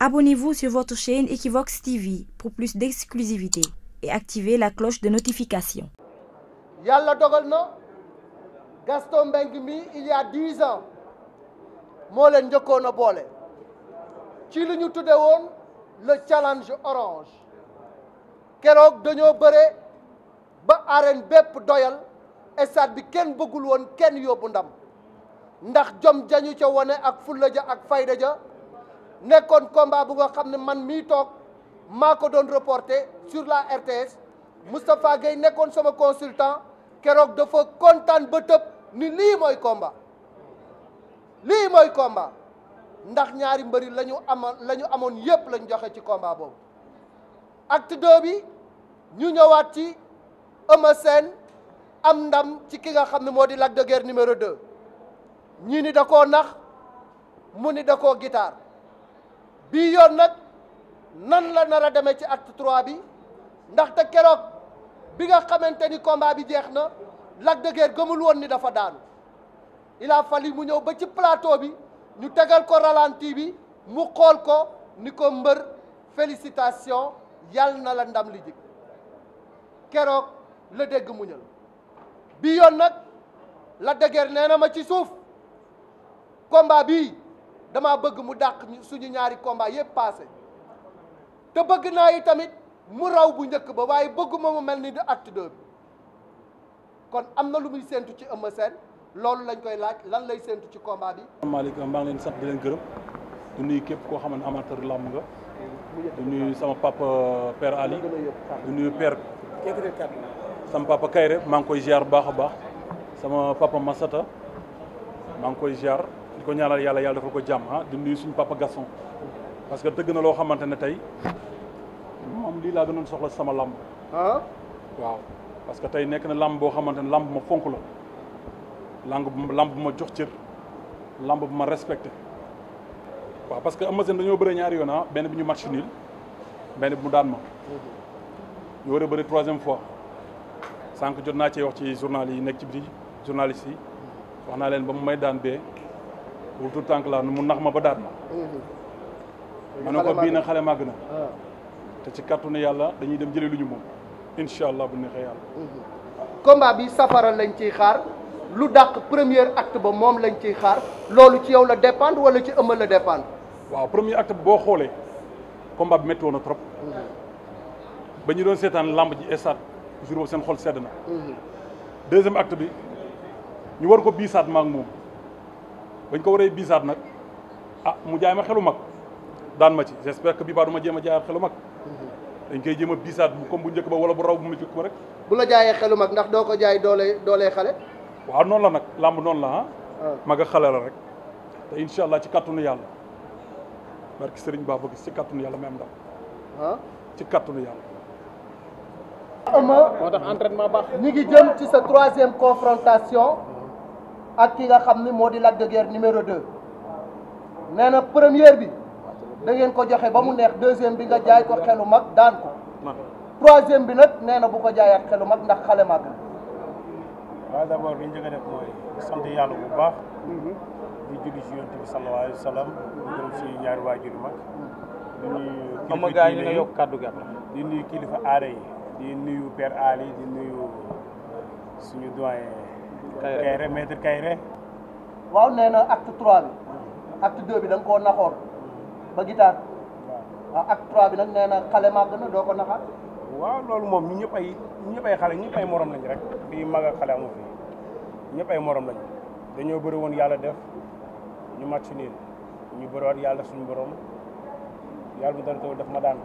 Abonnez-vous sur votre chaîne Equivox TV pour plus d'exclusivité et la cloche de notification. yàlla dogal na Gaston Mbengue mi il ans moo leen njëkkoon a boole ci li ñu tudde woon le challenge orange keroog dañoo bëre ba arène bépp doyal stade bi kenn bëggul woon kenn yóbbu ndam ndax jom jañu ca wone ak fulla ja ak fayda ja nekkoon combat bu nga xam ne man mi toog maa ko doon reporté sur la RTS Moustapha Gueye nekkoon sama consultant keroog dafa kontaan ba tëb ni lii mooy komba lii mooy komba ndax ñaari mbëri lañu ñu amoon la amoon yépp la ñu joxe ci komba boobu acte deux bi ñu ñëwaat ci Eumeu Sène am ndam ci ki nga xam ne moo di Lac de numéro deux ñii ni da koo nax mu ni da ko guitare bii yoon nag nan la nar a demee ci acte trois bi ndaxte keroog bi nga xamante ni combat bi jeex na Lac de Guiers gëmul woon ni dafa daanu il a fallu mu ñëw ba ci plateau bi ñu tegal ko ralenti bi mu xool ko ni ko mbër félicitation yàlla na la ndam li keroog la dégg muñal bi yoon nag Lac de Guiers nee na ma ci suuf komba bii dama bëgg mu dàq suñu ñaari combat yépp passé te bëgg naa yi tamit mu raw bu njëkk ba waaye bëgguma mu mel ni de acte deux bi kon am na lu muy séntu ci Eumeu Sène loolu lañ koy laaj lan lay séntu ci combat bi. asalaamaaleykum maa ngi leen sant di leen gërëm du nuyu képp koo xam ne amateur làmb nga du nuyu sama papa euh, père Ali du nuyu père sama papa Kayre maa ngi koy ziar bu baax a baax sama papa Masata maa ngi koy ziar. ko ñaanal yàlla yàlla dafa ko jàmm ah di nuyu suñu papa Gaston parce que dëgg na loo xamante ne tey moom lii laa gënoon soxla sama làmb ah waaw parce que tey nekk na làmb boo xamante ne làmb ma fonk la làmb làmb bu ma jox cër làmb bu ma respecté waaw parce que Eumeu Sène dañoo bëre ñaari yoon ah benn bi ñu match nul benn bi mu daan ma ñu war a bëri fois sànq jot naa cee wax ci journal yi nekk ci biir yi wax naa leen ba mu may daan bee wul tout tànk la mu nax ma ba daat ma mm-hmm. ma ne ko bii nag xale màgg na ah. te ci kàttanu yàlla dañuy dem jëlee lu ñu moom incha allah bu neexee yàlla mm-hmm. combat bi safara lañ ciy xaar lu dàq premier acte ba moom lañ ciy xaar loolu ci yow la dépendre wala ci ëmmal la dépendre waaw premier act bi boo xoolee combat bi métti woon na trop mm-hmm. ba ñu doon seetaan lamb ji estat jour seen xol sedd na deuxième acte bi ñu war ko bii saat maak moom bañ ko waree biisaat nag ah mu jaay ma xelu mag daan ma ci j'espère que bii baa du ma jéem a jaayaat xelu mag dañ koy jéem a biisaat comme bu njëkk ba wala bu raw bu mu njëkk ba rek bu la jaayee xelu mag ndax doo ko jaay doole doolee xale waaw noonu la nag làmb noon la ah. ah mag a xale la rek te incha allah ci kàttanu yàlla barki sëriñ baa bëgg ci kàttanu yàlla même ndam ah ci kàttanu yàlla ëma moo tax entraînement baax ñi ngi jëm ci sa troisième ak ki nga xam ni moo di Lac de Guiers numéro nee na première bi dangeen ko joxe ba mu neex deuxième bi nga jaay ko xelu mag daan ko troisième bi nag nee na bu ko jaayaat xelu mag ndax xale mag la. waaw d' abord def mooy sant yàlla bu baax. di julli ci yonent bi sallallahu alayhi wa sallam di gërëm ci ñaari waajur yu mag. di nuyu kilifa ñu ne yokk kàddu gi di nuyu kilifa aada yi di nuyu Père Ali di nuyu suñu doyen. Kayre maître Kayre. waaw nee na acte trois bi acte deux bi da koo naxoon ba gitaar waaw ah, acte trois bi nag nee na xale màgg na doo ko naxaat. waaw loolu moom ñu ñëpp ay ñu ñëpp ay xale ñu ñëpp ay morom lañ rek fii mag ak xale amu fi ñëpp ay morom lañ dañoo bëri woon yàlla def ñu mat match nii ñu bëriwaat yàlla suñu borom yàlla mu doon taw def ma daan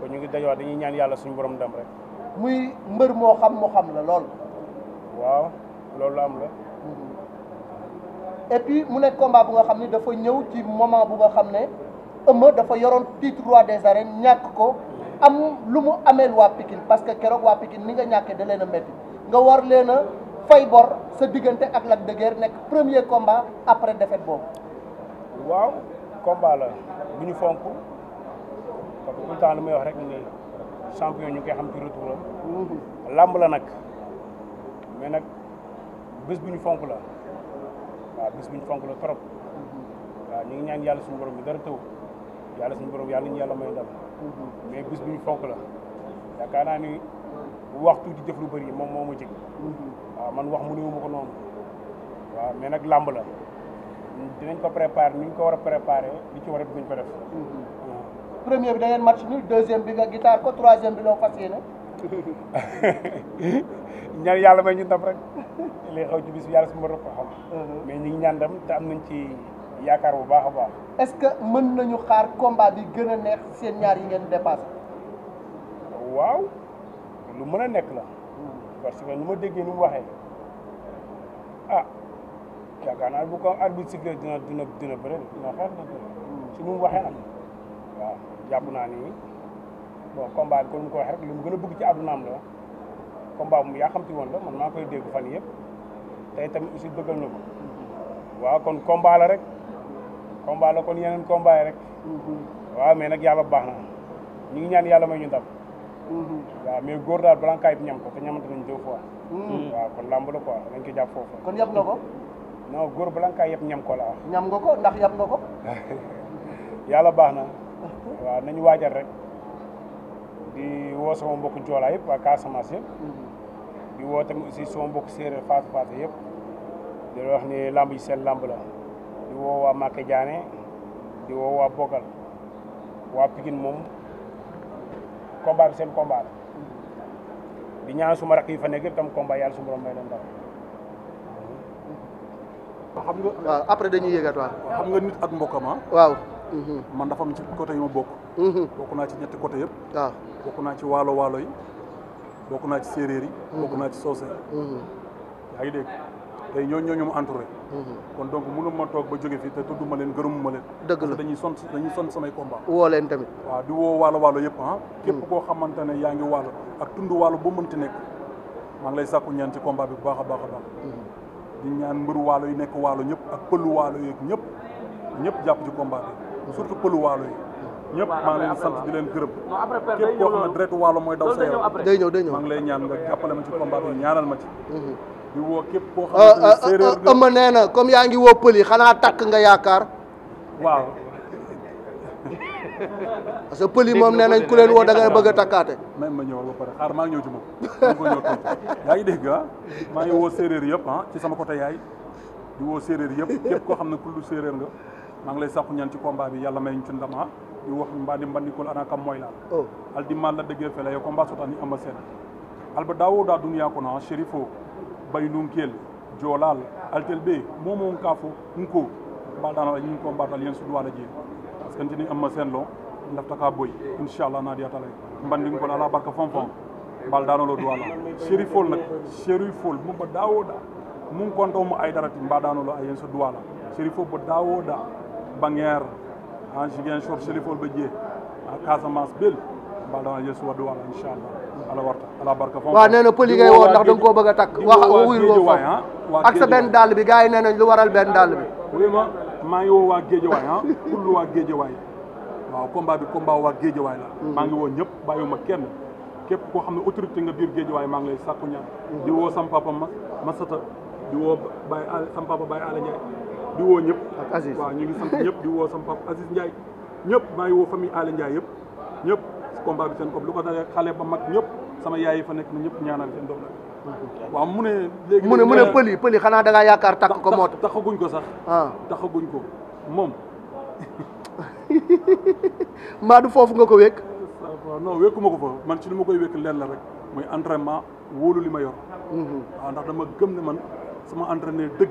ko ñu ngi dajewaat dañuy ñaan yàlla suñu borom dem rek. muy mbër moo xam moo xam la lool. waaw. loolu am la. Mm-hmm. et puis mu nekk combat bu nga xam ni dafa ñëw ci moment bu nga xam ne Eumeu dafa yoroon titre roi des arènes ñàkk ko am lu mu ameel waa Pikine parce que keroog waa Pikine ni nga ñàkkee da leen a métti nga war leen a fay bor sa diggante ak Lac de nekk premier combat après défaite boobu. waaw combat la bu ñu fonk parce que tout may wax rek ni champion ñu koy xam ci retour am. Mm-hmm. làmb la nag mais nag. bis bu ñu fonk la waaw bés bu ñu fonk la trop waaw ñu ngi ñaan yàlla suñu borom bi dara taw yàlla suñu borom yàlla ñu yàlla may ndam mais bés bu ñu fonk la yaakaar naa ni waxtu di def lu bëri moom moo ma jig waaw man wax mënu ma ko noonu waaw mais nag làmb la dinañ ko préparer ni ñu ko war a préparer li ci war a dinañ ko def. premier bi da ngeen match nul deuxième bi nga gitaar ko troisième bi loo fas yéene. ñaar yàlla may ñu ndam rek li xaw ci si bi yàlla su ma ko xam mhm. mais ñu ngi ñaan ndam te am nañ ci yaakaar bu baax a baax est-ce que mën nañu xaar combat bi gën a neex seen ñaar yi ngeen dépassé waaw lu mën a nekk la parce que nu ma déggee ni mu waxee ah yaakaar naa bu ko arbitre sifflé dina dina dina bëre dina xeex na mhm. nu mu waxee am jàpp naa ni bon combat bi comme ko waxee rek li mu gën a bëgg ci àddunaam la combat mu yaa xam ci woon la man maa koy dégg fan yëpp tey tamit aussi bëggal na ko waaw kon combat la rek combat la kon yeneen combat yi rek mm-hmm. waaw mais nag yàlla baax na ñu ngi ñaan yàlla may ñu ndam mm-hmm. góor daal balaa kaay bi ñam ko te ñamante nañ deux fois mm-hmm. waaw kon làmb la quoi dañ ko jàpp foofu kon yab na ko non góor balaa kaay yëpp ñam ko la ñam nga ko ndax yab nga ko yàlla baax na waaw nañu waajal rek di woo sama mbokku joolaa yëpp waa Casamance yëpp mm-hmm. di woo tamit aussi sama mbokku séeréer Fatou Fatou yëpp di wax ni lamb ji seen lamb la di woo waa Màkke Diané di woo waa Bogal waa Pikine moom combat seen combat mm-hmm. di ñaan suma rakk yi fa nekk yëpp tam combat yàlla su borom may leen dara mm-hmm. après dañuy yëgaat waaw xam nga nit ak mbokkam ah? waaw man dafa am ci côté yu ma bokk Mhm. bokk naa ci ñetti côté yëpp waaw ah. bokk naa ci waalo waalo yi bokk naa ci séeréer yi mhm. bokk naa ci soose mhm. yaa ngi dégg tey ñooñu ñooñu mu entouré kon donc mënu ma toog ba jóge fii te tudd leen gërëmu ma leen dëgg la dañuy son dañuy son samay combat woo leen tamit waaw di woo waalo waalo yëpp ah képp koo xamante ne yaa ngi waalo ak tund waalo boo mënti nekk maa ngi lay sàkku ñaan ci combat bi bu baax a baax a baax di ñaan mbëru waalo yi nekk waalo ñëpp ak pëlu waalo yeeg ñëpp ñëpp jàpp ci surtout pëlu yi ñëpp maa ngi leen leen gërëm képp koo xam mooy daw sa yaram day ñëw day ñëw maa ngi lay ñaan nga jàppale ma ma ci mhm. di woo képp ah, ah, ah, nee na comme yaa ngi woo pël yi xanaa takk nga yaakaar waaw parce que pël yi moom nee nañ ku woo da ngay bëgg takkaate même ma ñëwal ba pare xaar maa ngi ñëw ci moom woo séeréer yëpp ah ci sama côté yaay di woo séeréer yëpp képp koo xam ne kullu séeréer nga maa ngi lay sàkku ñaan ci combat bi yàlla may ñu ci ndam ɗi wohɓe mbade mbanndikol ana kam moyla oh. aldi malla degue a yo combat sotani amba seeɗa alba dawoɗa duniya kono ha shérif o baynunkeel joolal altel ɓe momo on ka fo nko mbaɗano ñin ko mbatal yen suɗu waɗa jeeyi par ce que ntini amma sen lo dafta ka boyi inchallah naadiyatala mbanndingol ala barka fon fon mbaldanolo duwala shérifol nak shérifol mumba dawoɗa mum konto mo aydarati mbaɗanolo a yen so duwala shérifo mo dawoɗa banguére an Ziguinchor Chérifol ba jee en Casamance bel mbal dama jël su waddu wàll incha allah ala warta ala barka fam na woo ndax da nga a takk wax wuyul woo ah, ak sa benn dàll yi nee nañ lu waral benn dàll bi maa ngi woo waa Géejawaay ah pour lu waa Géejawaay waaw combat bi combat waa Géejawaay laa hmm. maa ngi woo ñëpp bàyyiwuma kenn képp koo xam ne autorité nga biir Géejawaay maa ngi lay sàkku ñaan hmm. di woo sam papa ma ma sata di woo Baye Al sam papa Baye Ala Ndiaye di woo ñëpp ak Aziz ñu ngi sant di woo sama papa Aziz Ndiaye ñëpp maa ngi woo famille Aly Ndiaye yëpp ñëpp combat bi seen ko lu ko dalee xale ba mag ñëpp sama yaay yi fa nekk na ñëpp ñaanal seen doom la waaw mu léegi mu ne mu ne yi xanaa da yaakaar takk ko moo taxaguñ ko sax ah. taxaguñ ko moom maa du foofu nga ko wékk non wékkuma ko fa man ci li ma koy wékk leen la rek mooy entraînement wóolu li ma yor mhm. waaw ndax dama gëm ne man sama entraîneur dëgg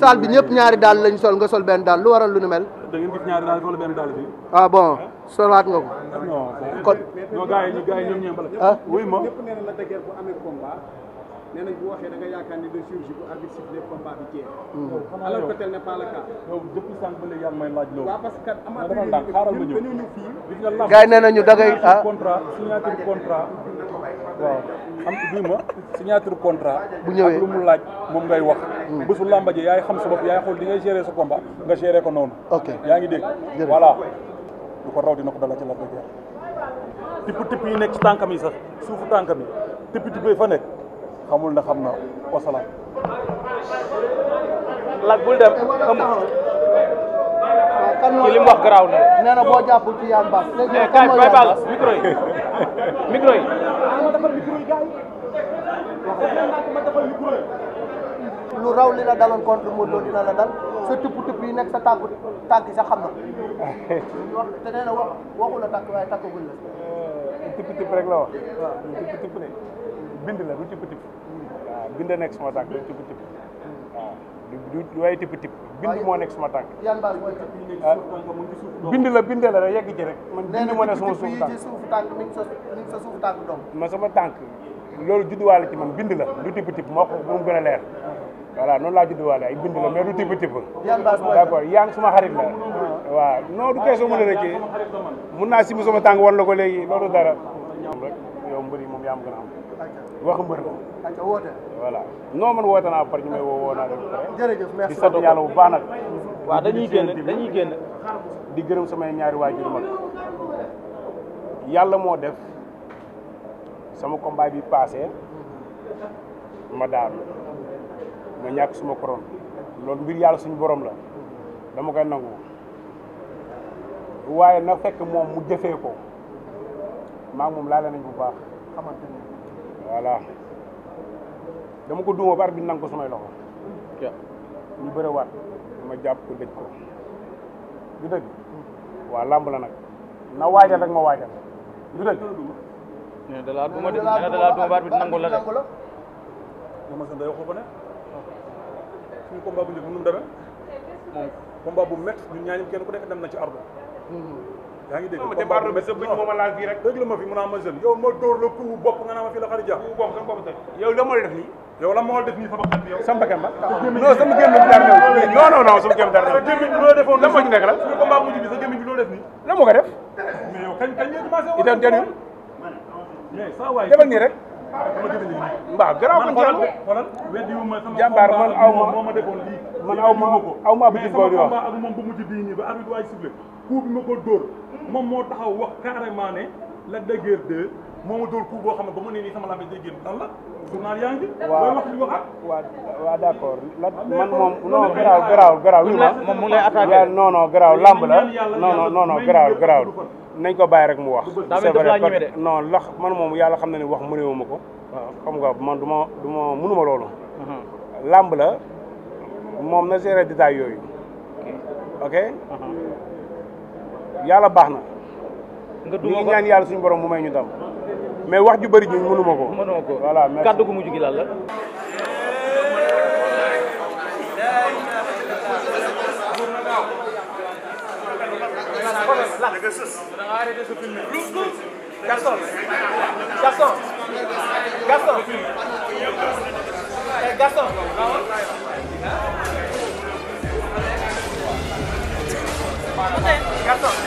salle bi ñëpp ñaari daal lañ sol nga sol benn daal lu waral lu ni mel. bi. ah bon solaat nga ko. non kon. non gars yi ah? nee na da nga yaakaar ñu hmm. ngi ah. xam bii ma signature contrat. bu ñëwee ak lu mu laaj moom ngay wax. Hmm. bésu làmba ji yaay xam sa bopp yaay xool di ngay gérer sa combat nga gérer ko noonu. ok yaa ngi dégg. voilà lu ko raw dina ko dala ci la ko jeex. tipp tipp yi nekk ci tànkam yi sax suufu tànkam yi tipp tipp yi fa nekk xamul na xam na wasalaam. lag bul dem xam ci li mu wax garaaw na. lu raw li la daloon contre la dal sa tëpp tëpp yi nekk sa tàggu tàgg sa xam na wax te nee na wax waxu la tàkk waaye tàkkagul la euh, tëpp rek la wax waaw tëpp tëpp ne bind la du tëpp tëpp waaw bind nekk sama tàkk du tëpp tëpp du du waaye tëpp tëpp bind moo nekk suma tànk bind la bind la rek yegg ci rek man bind moo nekk suma suuf tànk ma sama tànk loolu judduwaale ci man bind la du tibb tibb moo ko bu mu gën a leer voilà noonu laa judduwaale ay bind la mais du tibb tibb d'accord yaa ngi suma xarit la waaw non du keesoo mën a rëccee mun naa simb sama tànk wan la ko léegi loolu dara yow mbëri moom yaa am gën a xam wax mbër ko. ayca woote. voilà non man woote naa par ñu may woo woo naa rek. jërëjëf merci di sant yàlla bu baax nag. waaw dañuy génn dañuy génn. di gërëm samay ñaari waajur mag yàlla moo def sama combat bi paase ma daanu ma ñàkk suma korom loolu mbir yàlla suñu boroom la dama koy nangu waaye na fekk moom mu jëfee ko maa moom laale nañ bu baax xamante voilà dama ko duuma bar bi nang samay loxo ñu bëre waat ma jàpp ko dëj ko du dëgg waa làmb la nag na waajal rek ma waajal du dëgg ne dalaa duma de ne dalaa duma baat bi nangu la de dama sa ndey waxu ko ne bu njëkk nu mu demee moom combat bu métti ñun ñaañu kenn dem na ci ardo mm-hmm. yaa ngi dégg département bi sa bëñ moo ma laal fii rek dégg la ma fi mu naa ma jeune yow ma dóor la coup bopp nga naa ma fii la xarit ja coup bopp sama bopp toj yow la moo def nii yow la moo def nii sama xarit yow sama bakkan ba non sama gémmiñ bi dara new non non non sama gémmiñ dara new gémmiñ bi loo defoon la moo ci nekk la suñu combat mujj bi sa gémmiñ bi loo def nii la moo ko def mais yow kañ kañ ngeen commencé itam den yu mais saa waay demal nii rek mbaa garaaw kan jàll xoolal weddi wu ma sama jàmbaar man aw ma moo ma defoon lii man aw ma aw ma bëgg ko di wax ak moom bu mujj bii nii ba arbitre waay sifflé coup bi ma ko dóor moom moo taxaw wax carrément ne Lac de Guiers 2 moo ma dóor coup boo xam ne ba mu ne nii sama làmmiñ day génn lan la journal yaa ngi. waaw wax li waxaat. waaw waaw d' accord man moom non garaaw garaaw garaaw. yu ma moom mu ngi lay attaqué non non garaaw làmb la non non non garaaw garaaw. nañ ko bàyyi rek mu wax. c'est vrai non lax man moom yàlla xam na ne wax mënewu ma ko. xam nga man du ma du ma mënuma loolu. Mm-hmm. làmb la moom na gérer détail yooyu. ok. Mm-hmm. yàlla baax na. nga du ngi ñaan yàlla suñu borom mu may ñu dam mais wax ju bëri ji mënuma ko. mënuma Gaston